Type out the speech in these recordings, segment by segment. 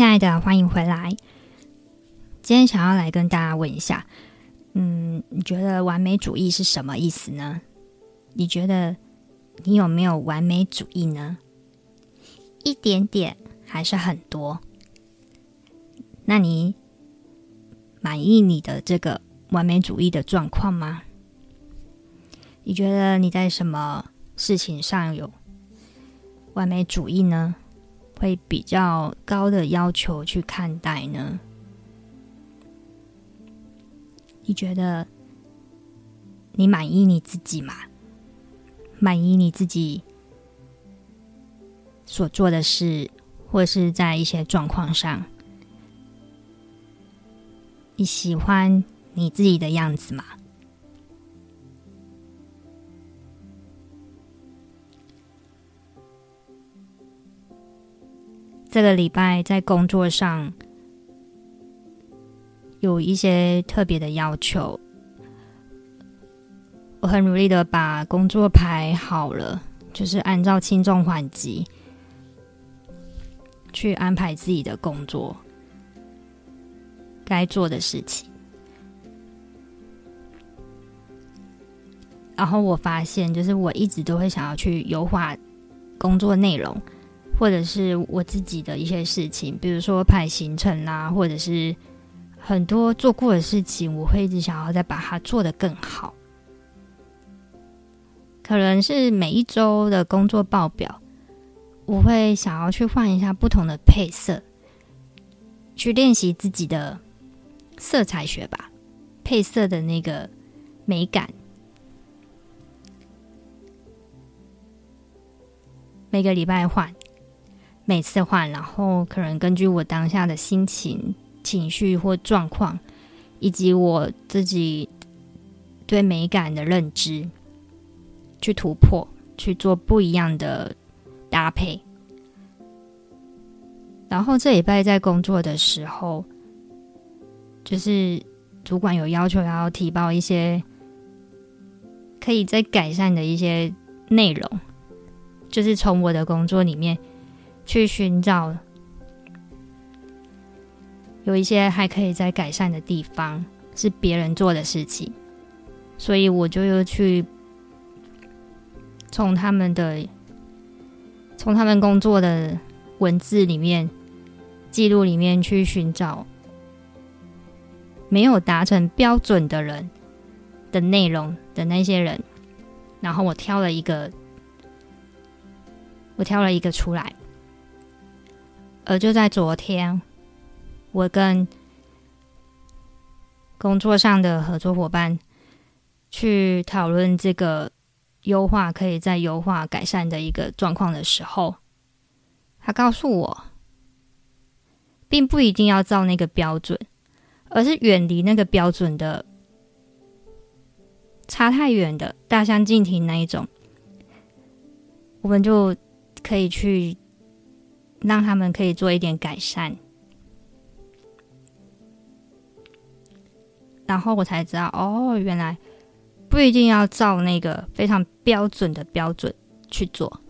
親愛的，歡迎回來。今天想要來跟大家問一下，嗯，你覺得完美主義是什麼意思呢？你覺得你有沒有完美主義呢？一點點還是很多？那你滿意你的這個完美主義的狀況嗎？你覺得你在什麼事情上有完美主義呢？會比較高的要求去看待呢？你覺得你滿意你自己嗎？滿意你自己所做的事，或是在一些狀況上，你喜歡你自己的樣子嗎？這個禮拜在工作上有一些特別的要求，我很努力的把工作排好了，就是按照輕重緩急去安排自己的工作，該做的事情。然後我發現，就是我一直都會想要去優化工作內容。或者是我自己的一些事情，比如說排行程啦、啊，或者是很多做過的事情，我會一直想要再把它做得更好。可能是每一周的工作報表，我會想要去換一下不同的配色，去練習自己的色彩學吧，配色的那個美感。每個禮拜換。每次換，然後可能根據我當下的心情、情緒或狀況，以及我自己對美感的認知，去突破，去做不一樣的搭配。然後這禮拜在工作的時候，就是主管有要求要提報一些可以再改善的一些內容，就是從我的工作裡面。去尋找有一些還可以再改善的地方，是別人做的事情，所以我就又去從他們的從他們工作的文字裡面、記錄裡面去尋找沒有達成標準的人的內容的那些人，然後我挑了一個，我挑了一個出來。而就在昨天，我跟工作上的合作夥伴去討論這個優化可以再優化改善的一個狀況的時候，他告訴我，並不一定要照那個標準，而是遠離那個標準的差太遠的大相徑庭那一種，我們就可以去。讓他們可以做一點改善，然後我才知道哦，原來不一定要照那個非常標準的標準去做。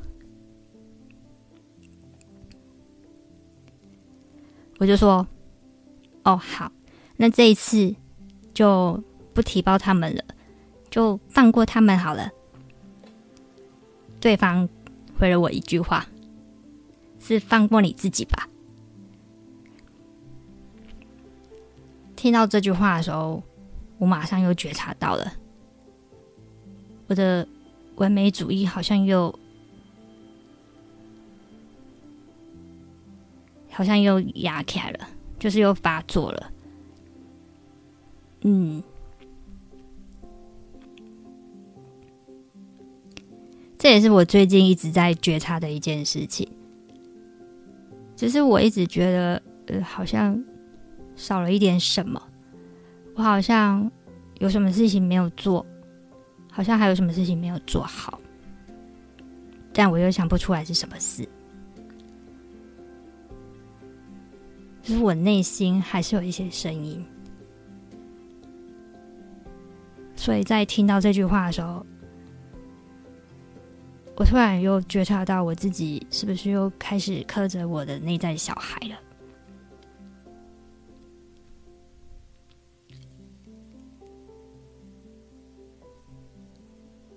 我就說，哦好，那這一次就不提報他們了，就放過他們好了。對方回了我一句話。是放過你自己吧。聽到這句話的時候，我馬上又覺察到了，我的完美主義好像又好像又壓起來了，就是又發作了。嗯，這也是我最近一直在覺察的一件事情。其實我一直覺得，呃，好像少了一點什麼，我好像有什麼事情沒有做，好像還有什麼事情沒有做好，但我又想不出來是什麼事，就是我內心還是有一些聲音，所以在聽到這句話的時候，我突然又覺察到我自己是不是又開始苛責我的內在小孩了？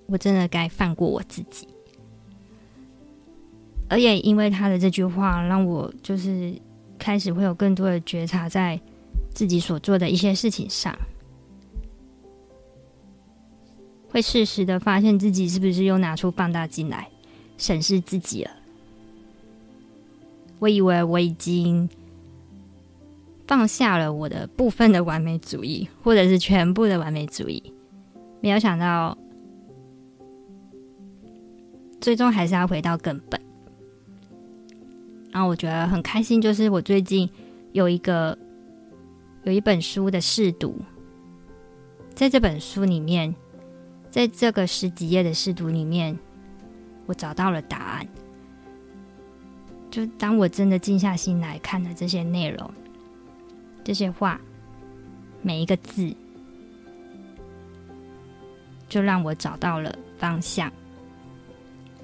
我真的該放過我自己。而也因為他的這句話，讓我就是開始會有更多的覺察在自己所做的一些事情上。會適時的發現自己是不是又拿出放大鏡來審視自己了。我以為我已經放下了我的部分的完美主義，或者是全部的完美主義，沒有想到最終還是要回到根本。然、啊、後我覺得很開心，就是我最近有一個有一本書的試讀，在這本書裡面。在這個十幾頁的試讀裡面，我找到了答案。就當我真的靜下心來看了這些內容，這些話，每一個字，就讓我找到了方向。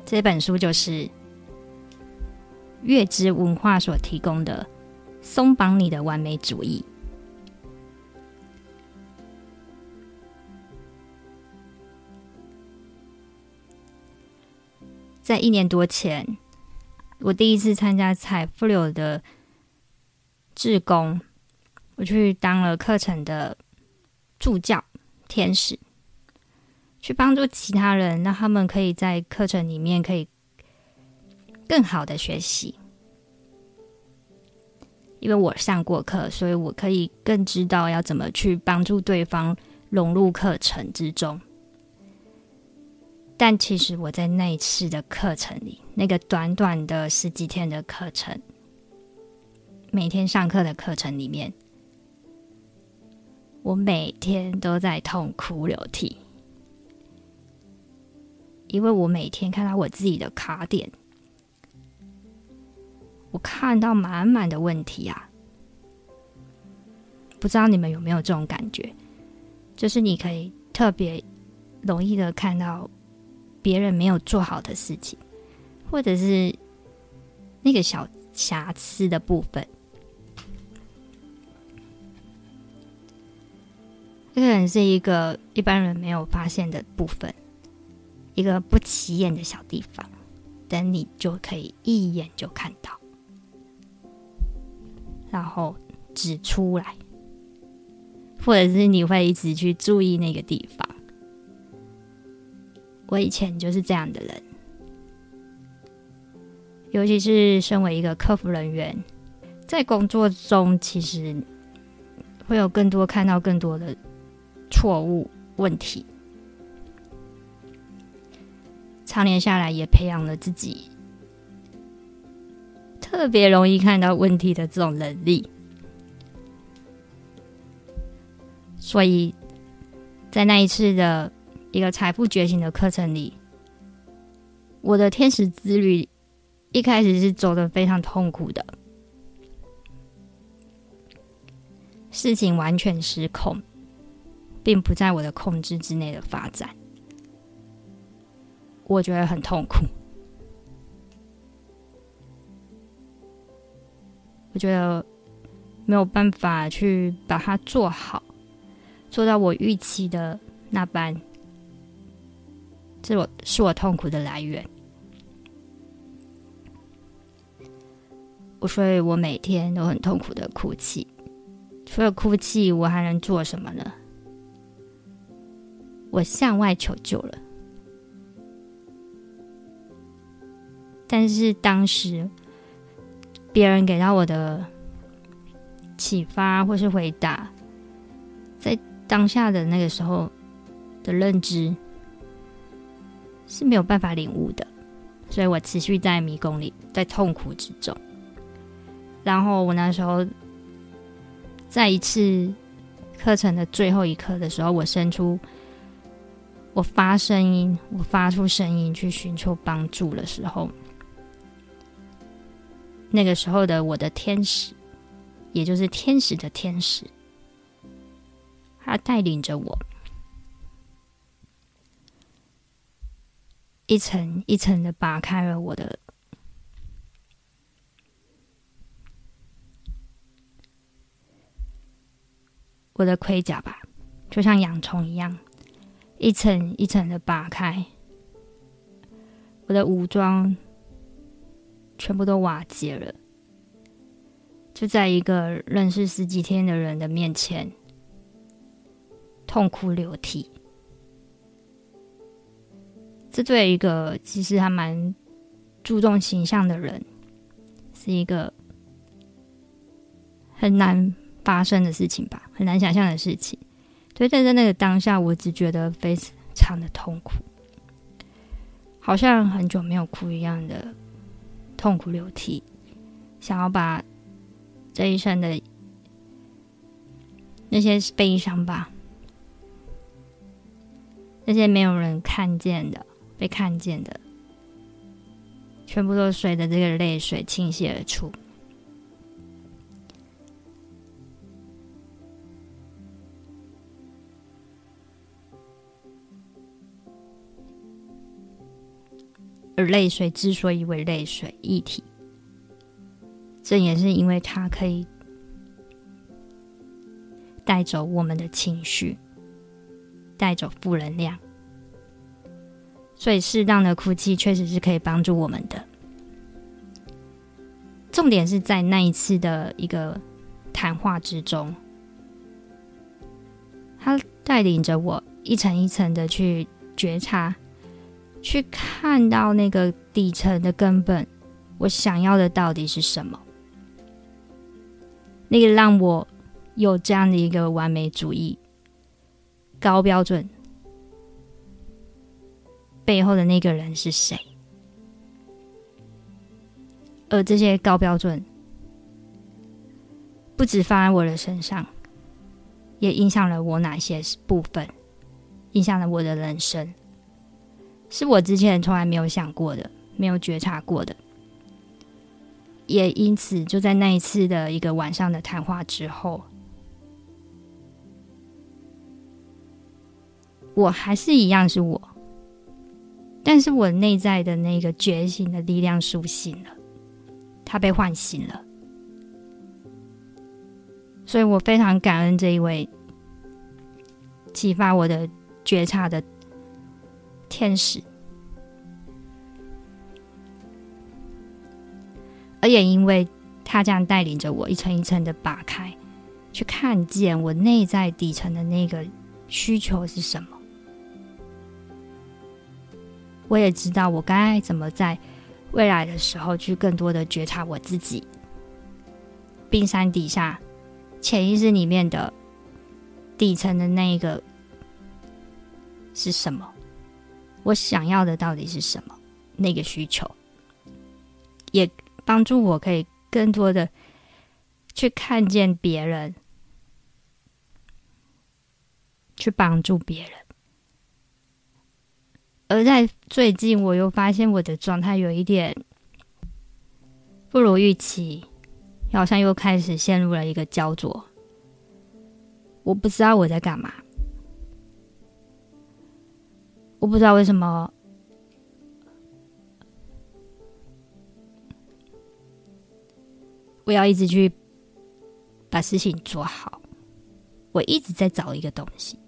這本書就是悅知文化所提供的《鬆綁你的完美主義》。在一年多前，我第一次參加財富流的志工，我去當了課程的助教天使，去幫助其他人，讓他們可以在課程裡面可以更好的學習。因為我上過課，所以我可以更知道要怎麼去幫助對方融入課程之中。但其實我在那一次的課程裡，那個短短的十幾天的課程，每天上課的課程裡面，我每天都在痛哭流涕，因為我每天看到我自己的卡點，我看到滿滿的問題啊，不知道你們有沒有這種感覺，就是你可以特別容易的看到。別人沒有做好的事情，或者是那個小瑕疵的部分，這個人是一個一般人沒有發現的部分，一個不起眼的小地方，等你就可以一眼就看到，然後指出來，或者是你會一直去注意那個地方。我以前就是這樣的人，尤其是身為一個客服人員，在工作中其實會有更多看到更多的錯誤問題，常年下來也培養了自己特別容易看到問題的這種能力，所以在那一次的。一個財富覺醒的課程裡，我的天使之旅一開始是走得非常痛苦的，事情完全失控，並不在我的控制之內的發展，我覺得很痛苦，我覺得沒有辦法去把它做好，做到我預期的那般。這是我是我痛苦的來源，我所以，我每天都很痛苦的哭泣。除了哭泣，我還能做什麼呢？我向外求救了，但是當時別人給到我的啟發或是回答，在當下的那個時候的認知。是沒有辦法領悟的，所以我持續在迷宮裡，在痛苦之中。然後我那時候在一次課程的最後一刻的時候，我伸出，我發聲音，我發出聲音去尋求幫助的時候，那個時候的我的天使，也就是天使的天使，他帶領着我。一層一層的拔開了我的我的盔甲吧，就像洋蔥一樣，一層一層的拔開我的武裝，全部都瓦解了，就在一個認識十幾天的人的面前痛哭流涕。這作為一個其實還蠻注重形象的人，是一個很難發生的事情吧，很難想象的事情。所以站在那個當下，我只覺得非常的痛苦，好像很久沒有哭一樣的痛哭流涕，想要把這一生的那些悲傷吧，那些沒有人看見的。被看見的，全部都隨着這個淚水傾瀉而出。而淚水之所以為淚水液體，這也是因為它可以帶走我們的情緒，帶走負能量。所以，適當的哭泣確實是可以幫助我們的。重點是在那一次的一個談話之中，他帶領着我一層一層的去覺察，去看到那個底層的根本。我想要的到底是什麼？那個讓我有這樣的一個完美主義、高標準。背後的那個人是誰？而這些高標準不只放在我的身上，也影響了我哪些部分？影響了我的人生，是我之前從來沒有想過的，沒有覺察過的。也因此，就在那一次的一個晚上的談話之後，我還是一樣是我。但是我內在的那個覺醒的力量甦醒了，它被喚醒了，所以我非常感恩這一位啟發我的覺察的天使，而也因為他這樣帶領着我一層一層的拔開，去看見我內在底層的那個需求是什麼？我也知道我該怎麼在未來的時候去更多的覺察我自己。冰山底下潛意識裡面的底層的那一個是什麼？我想要的到底是什麼？那個需求也幫助我可以更多的去看見別人，去幫助別人。而在最近，我又發現我的狀態有一點不如預期，好像又開始陷入了一個焦灼。我不知道我在幹嘛，我不知道為什麼我要一直去把事情做好。我一直在找一個東西，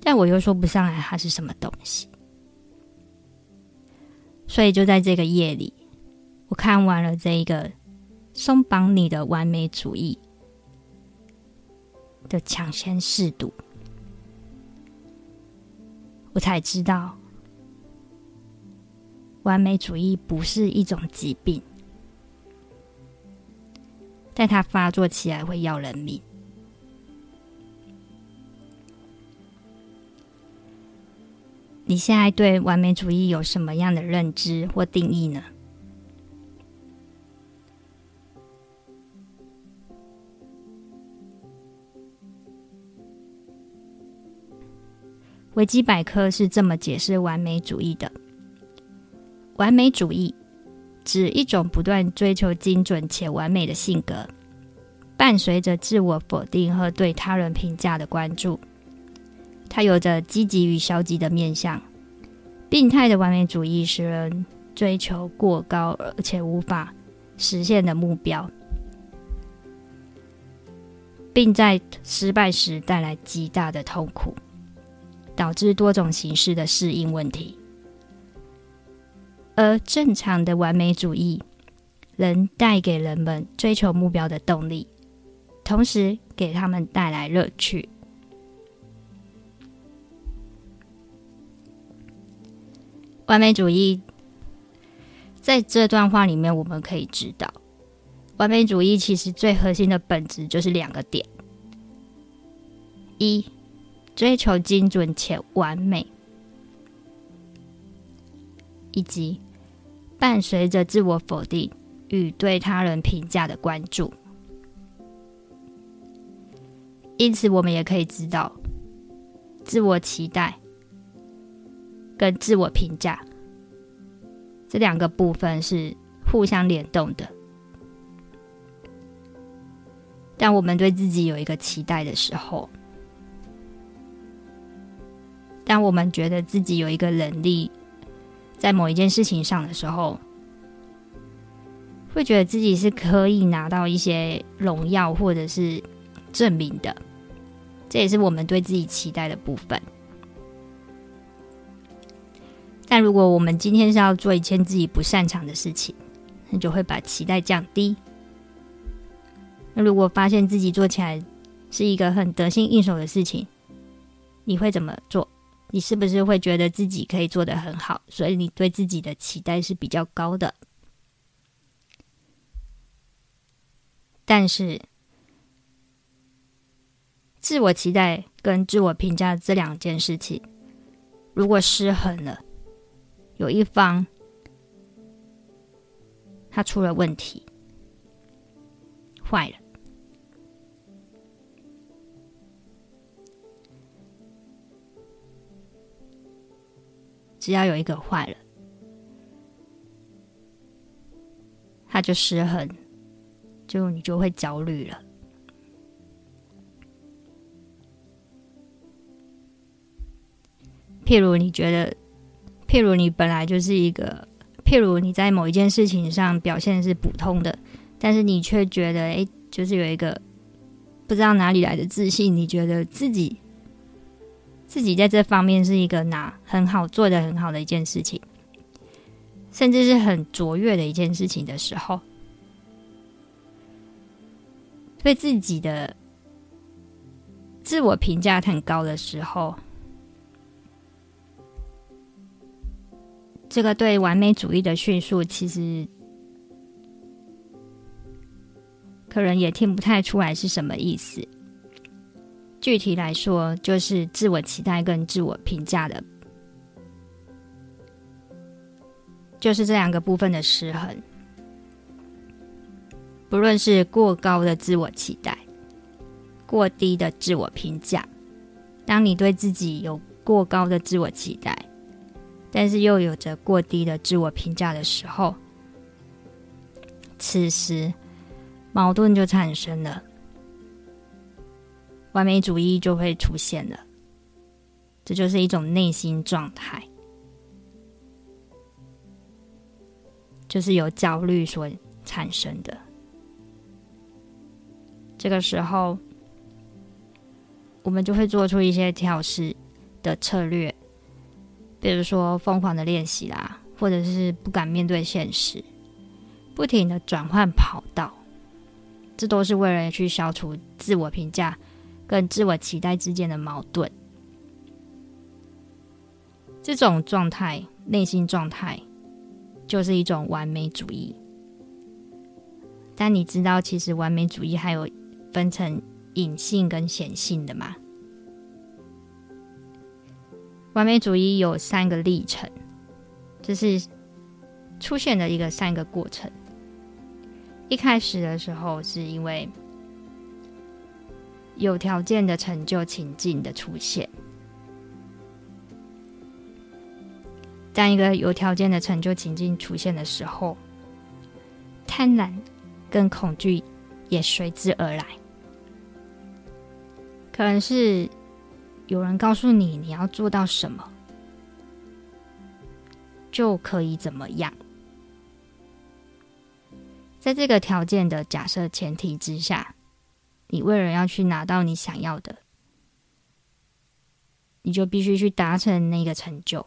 但我又說不上來它是什麼東西。所以就在這個夜裡，我看完了這一個《鬆綁你的完美主義》的搶先試讀，我才知道，完美主義不是一種疾病，但它發作起來會要人命。你現在對完美主義有什麼樣的認知或定義呢？維基百科是這麼解釋完美主義的。完美主義指一種不斷追求精準且完美的性格，伴隨着自我否定和對他人評價的關注。它有着積極與消極的面向，病態的完美主義使人追求過高而且無法實現的目標，並在失敗時帶來極大的痛苦，導致多種形式的適應問題。而正常的完美主義能帶給人們追求目標的動力，同時給他們帶來樂趣。完美主義，在這段話裡面，我們可以知道，完美主義其實最核心的本質就是兩個點：一，追求精準且完美；以及伴隨着自我否定與對他人評價的關注。因此，我們也可以知道，自我期待。跟自我評價這兩個部分是互相聯動的。當我們對自己有一個期待的時候，當我們覺得自己有一個能力，在某一件事情上的時候，會覺得自己是可以拿到一些榮耀或者是證明的。這也是我們對自己期待的部分。但如果我們今天是要做一件自己不擅長的事情，那就會把期待降低。那如果發現自己做起來是一個很得心應手的事情，你會怎麼做？你是不是會覺得自己可以做得很好，所以你對自己的期待是比較高的？但是，自我期待跟自我評價這兩件事情，如果失衡了。有一方，他出了問題，壞了。只要有一個壞了，他就失衡，就你就會焦慮了。譬如你覺得。譬如你本來就是一個，譬如你在某一件事情上表現是普通的，但是你卻覺得，哎，就是有一個不知道哪裡來的自信，你覺得自己自己在這方面是一個拿，很好，做得很好的一件事情，甚至是很卓越的一件事情的時候，對自己的自我評價很高的時候。這個對完美主義的敘述，其實可能也聽不太出來是什麼意思。具體來說，就是自我期待跟自我評價的，就是這兩個部分的失衡。不論是過高的自我期待，過低的自我評價，當你對自己有過高的自我期待，但是又有着過低的自我評價的時候，此時矛盾就產生了，完美主義就會出現了。這就是一種內心狀態，就是由焦慮所產生的。這個時候，我們就會做出一些調適的策略。比如說瘋狂的練習啦、啊，或者是不敢面對現實，不停的轉換跑道，這都是為了去消除自我評價跟自我期待之間的矛盾。這種狀態，內心狀態，就是一種完美主義。但你知道，其實完美主義還有分成隱性跟顯性的嗎？完美主義有三個歷程，就是出現的一個三個過程。一開始的時候，是因為有條件的成就情境的出現。當一個有條件的成就情境出現的時候，貪婪跟恐懼也隨之而來，可能是。有人告訴你，你要做到什麼，就可以怎麼樣。在這個條件的假設前提之下，你為了要去拿到你想要的，你就必須去達成那個成就。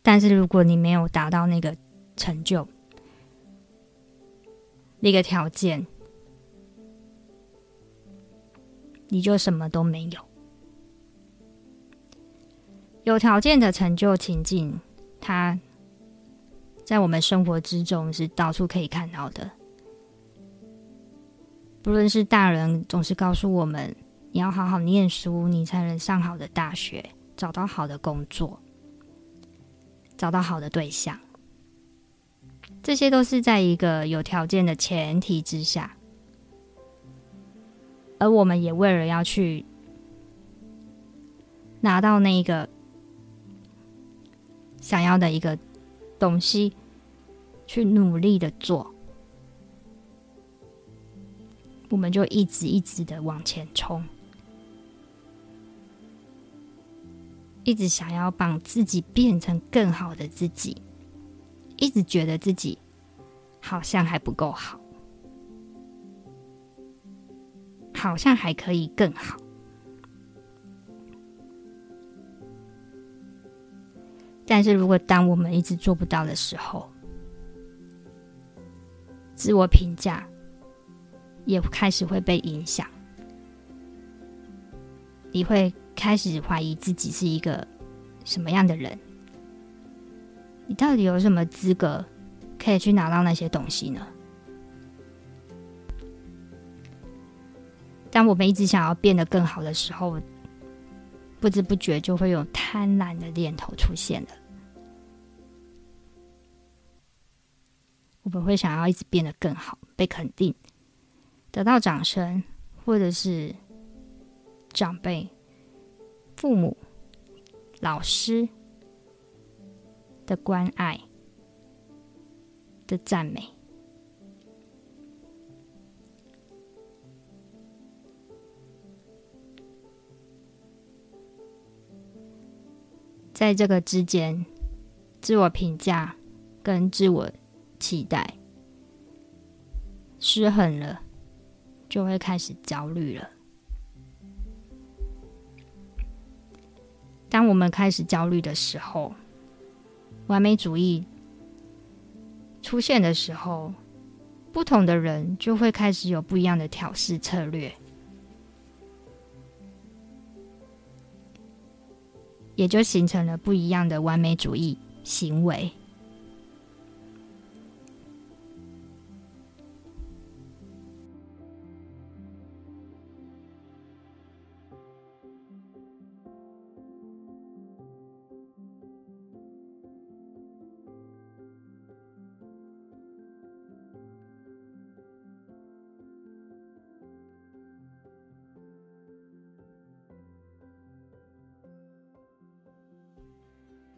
但是如果你沒有達到那個成就，那個條件。你就什麼都沒有。有條件的成就情境，它在我們生活之中是到處可以看到的。不論是大人，總是告訴我們，你要好好念書，你才能上好的大學，找到好的工作，找到好的對象。這些都是在一個有條件的前提之下。而我們也為了要去拿到那一個想要的一個東西，去努力的做，我們就一直一直的往前衝，一直想要把自己變成更好的自己，一直覺得自己好像還不夠好。好像還可以更好，但是如果當我們一直做不到的時候，自我評價也開始會被影響，你會開始懷疑自己是一個什麼樣的人？你到底有什麼資格可以去拿到那些東西呢？當我們一直想要變得更好的時候，不知不覺就會有貪婪的念頭出現了。我們會想要一直變得更好，被肯定，得到掌聲，或者是長輩、父母、老師的關愛，的讚美。在這個之間，自我評價跟自我期待失衡了，就會開始焦慮了。當我們開始焦慮的時候，完美主義出現的時候，不同的人就會開始有不一樣的調適策略。也就形成了不一樣的完美主義行為。